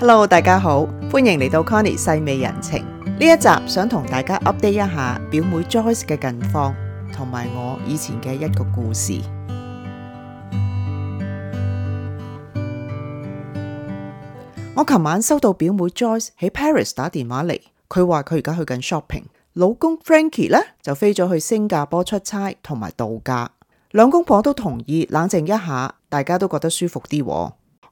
Hello，大家好，歡迎嚟到 Conny 細味人情呢一集，想同大家 update 一下表妹 Joyce 嘅近況，同埋我以前嘅一個故事。 我琴晚收到表妹 Joyce 喺 Paris 打電話嚟，佢話佢而家去緊 shopping，老公 Frankie 呢就飛咗去新加坡出差同埋度假，兩公婆都同意冷靜一下，大家都覺得舒服啲。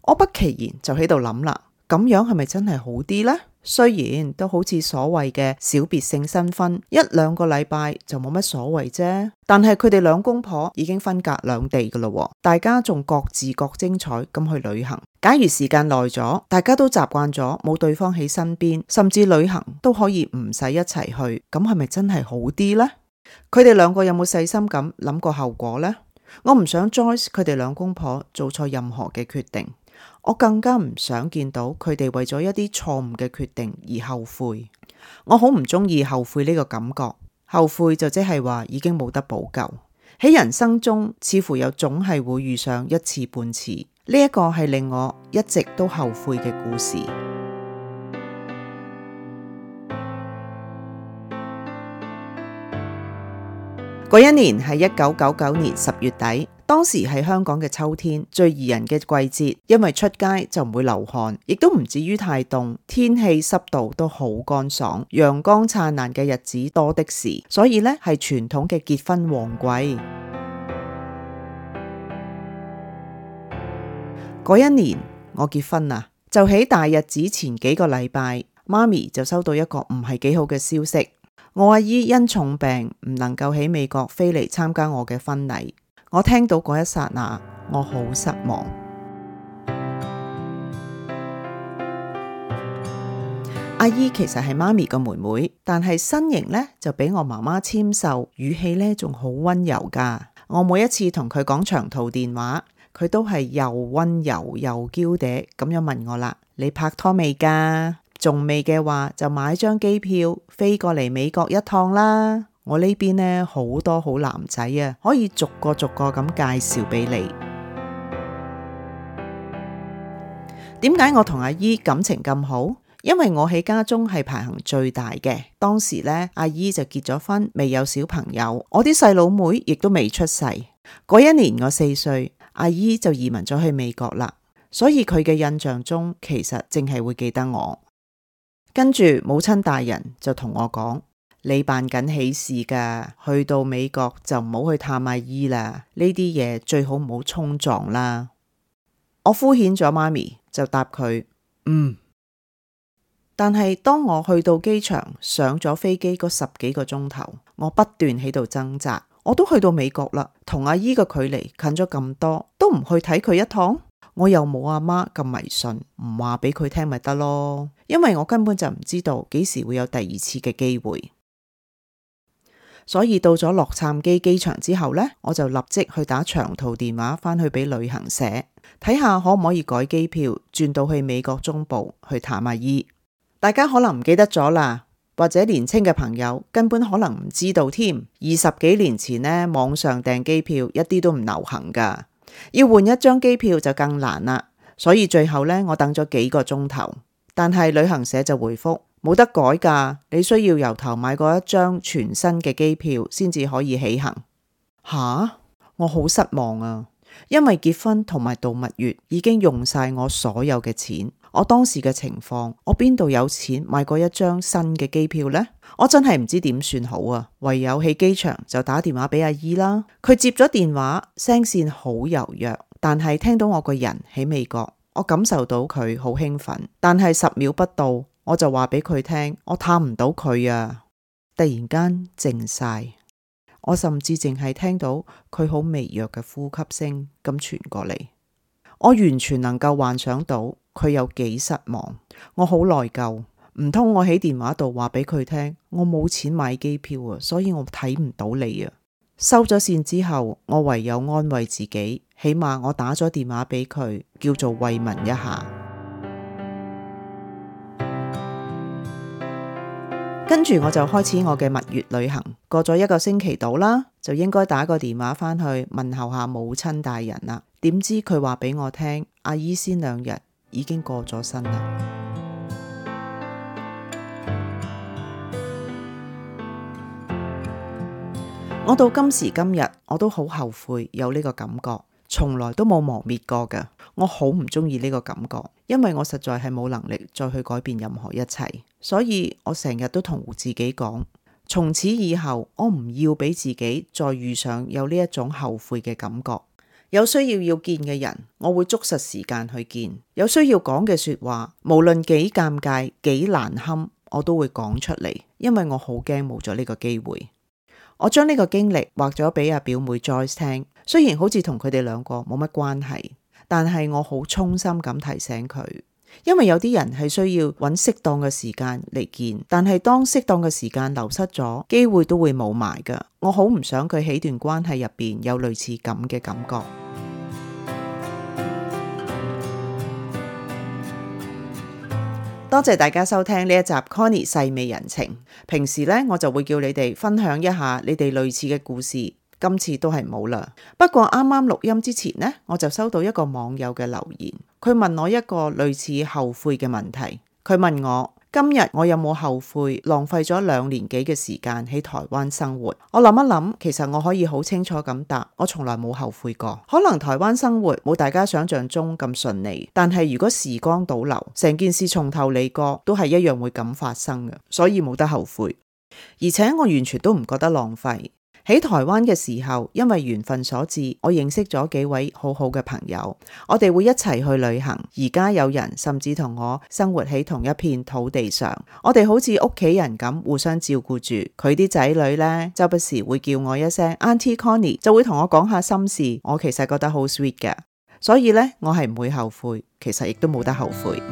我不其然就喺度諗啦。咁樣係咪真係好啲呢？雖然都好似所謂嘅小別勝新婚，一兩個禮拜就冇乜所謂啫。但係佢哋兩公婆已經分隔兩地噶啦，大家仲各自各精彩咁去旅行。假如時間耐咗，大家都習慣咗冇對方喺身邊，甚至旅行都可以唔使一齊去，咁係咪真係好啲呢？佢哋兩個有冇細心咁諗過後果呢？我唔想 Joyce 佢哋兩公婆做錯任何嘅決定。我更加唔想見到佢哋為咗一啲錯誤嘅決定而後悔。我好唔鍾意後悔呢個感覺，後悔就即係話已經冇得補救。喺人生中，似乎又總係會遇上一次半次。呢一個係令我一直都後悔嘅故事。嗰 一年係一九九九年十月底。當時係香港嘅秋天，最宜人嘅季節，因為出街就唔會流汗，亦都唔至於太凍，天氣濕度都好乾爽，陽光燦爛嘅日子多的是。所以呢係傳統嘅結婚旺季。嗰 一年我結婚喇，就喺大日子前幾個禮拜，媽咪就收到一個唔係幾好嘅消息，我阿姨因重病唔能夠喺美國飛嚟參加我嘅婚禮。我聽到嗰一剎那，我好失望。阿姨其實係媽咪個妹妹，但係身形呢，就比我媽媽纖瘦，語氣呢，仲好溫柔㗎。我每一次同佢講長途電話，佢都係又溫柔又嬌嗲咁樣問我啦：你拍拖未㗎？仲未嘅話，就買張機票飛過嚟美國一趟啦。我呢邊呢好多好男仔啊，可以逐個逐個咁介紹畀你。點解我同阿姨感情咁好？因為我喺家中係排行最大嘅。當時呢，阿姨就結咗婚，未有小朋友，我啲細佬妹亦都未出世。嗰一年我四歲，阿姨就移民咗去美國啦。所以佢嘅印象中，其實淨係會記得我。跟住母親大人就同我講。你辦緊喜事噶，去到美國就唔好去探阿姨啦。呢啲嘢最好唔好沖撞啦。我敷衍咗媽咪就答佢，嗯，但係當我去到機場，上咗飛機嗰十幾個鐘頭，我不斷喺度掙扎。我都去到美國啦，同阿姨個距離近咗咁多，都唔去睇佢一趟，我又冇阿媽咁迷信，唔話俾佢聽咪得咯？因為我根本就唔知道幾時會有第二次嘅機會。所以到咗洛杉磯機場之後呢，我就立即去打長途電話返去俾旅行社，睇下可唔可以改機票，轉到去美國中部去探阿姨。大家可能唔記得咗啦，或者年青嘅朋友根本可能唔知道添。二十幾年前呢，網上訂機票一啲都唔流行噶，要換一張機票就更難啦。所以最後呢，我等咗幾個鐘頭，但係旅行社就回覆。冇得改㗎，你需要由頭買過一張全新嘅機票先至可以起行。吓，我好失望啊！因為結婚同埋度蜜月已經用晒我所有嘅錢。我當時嘅情況，我邊度有錢買過一張新嘅機票呢？我真係唔知點算好啊！唯有喺機場就打電話俾阿姨啦。佢接咗電話，聲線好柔弱，但係聽到我個人喺美國，我感受到佢好興奮。但係十秒不到。我就話俾佢聽，我探唔到佢啊！突然間靜晒，我甚至淨係聽到佢好微弱嘅呼吸聲咁傳過嚟，我完全能夠幻想到佢有幾失望。我好內疚，唔通我喺電話度話俾佢聽，我冇錢買機票啊，所以我睇唔到你啊！收咗線之後，我唯有安慰自己，起碼我打咗電話俾佢，叫做慰問一下。跟住我就開始我嘅蜜月旅行，過咗一個星期度啦，就應該打個電話翻去問候下母親大人啦。點知佢話俾我聽，阿姨先兩日已經過咗身啦。我到今時今日，我都好後悔有呢個感覺。從來都冇磨滅過嘅，我好唔中意呢個感覺，因為我實在係冇能力再去改變任何一切，所以我成日都同自己講，從此以後我唔要俾自己再遇上有呢一種後悔嘅感覺。有需要要見嘅人，我會捉實時間去見；有需要講嘅說話，無論幾尷尬、幾難堪，我都會講出嚟，因為我好驚冇咗呢個機會。我將呢個經歷畫咗俾阿表妹 Joyce 聽。雖然好似同佢哋兩個冇乜關係，但係我好衷心咁提醒佢，因為有啲人係需要揾適當嘅時間嚟見，但係當適當嘅時間流失咗，機會都會冇埋噶。我好唔想佢喺段關係入邊有類似咁嘅感覺。 多謝大家收聽呢一集 Conny 細味人情。平時呢，我就會叫你哋分享一下你哋類似嘅故事。今次都係冇啦。不過啱啱錄音之前呢，我就收到一個網友嘅留言，佢問我一個類似後悔嘅問題。佢問我今日我有冇後悔浪費咗兩年幾嘅時間喺台灣生活？我諗一諗，其實我可以好清楚咁答，我從來冇後悔過。可能台灣生活冇大家想象中咁順利，但係如果時光倒流，成件事從頭嚟過，都係一樣會咁發生嘅，所以冇得後悔。而且我完全都唔覺得浪費。喺台灣嘅時候，因為緣分所致，我認識咗幾位好好嘅朋友，我哋會一齊去旅行。而家有人甚至同我生活喺同一片土地上，我哋好似屋企人咁互相照顧住。佢啲仔女呢，周不時會叫我一聲 Auntie Connie，就會同我講下心事。我其實覺得好 sweet 嘅，所以呢，我係唔會後悔，其實亦都冇得後悔。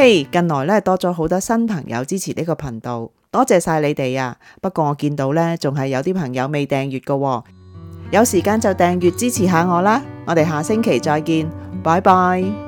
嘿，hey，近來多咗好多新朋友支持呢個頻道，多謝晒你哋啊！不過我見到呢，仲係有啲朋友未訂閱㗎喎，有時間就訂閱支持下我啦！我哋下星期再見，拜拜。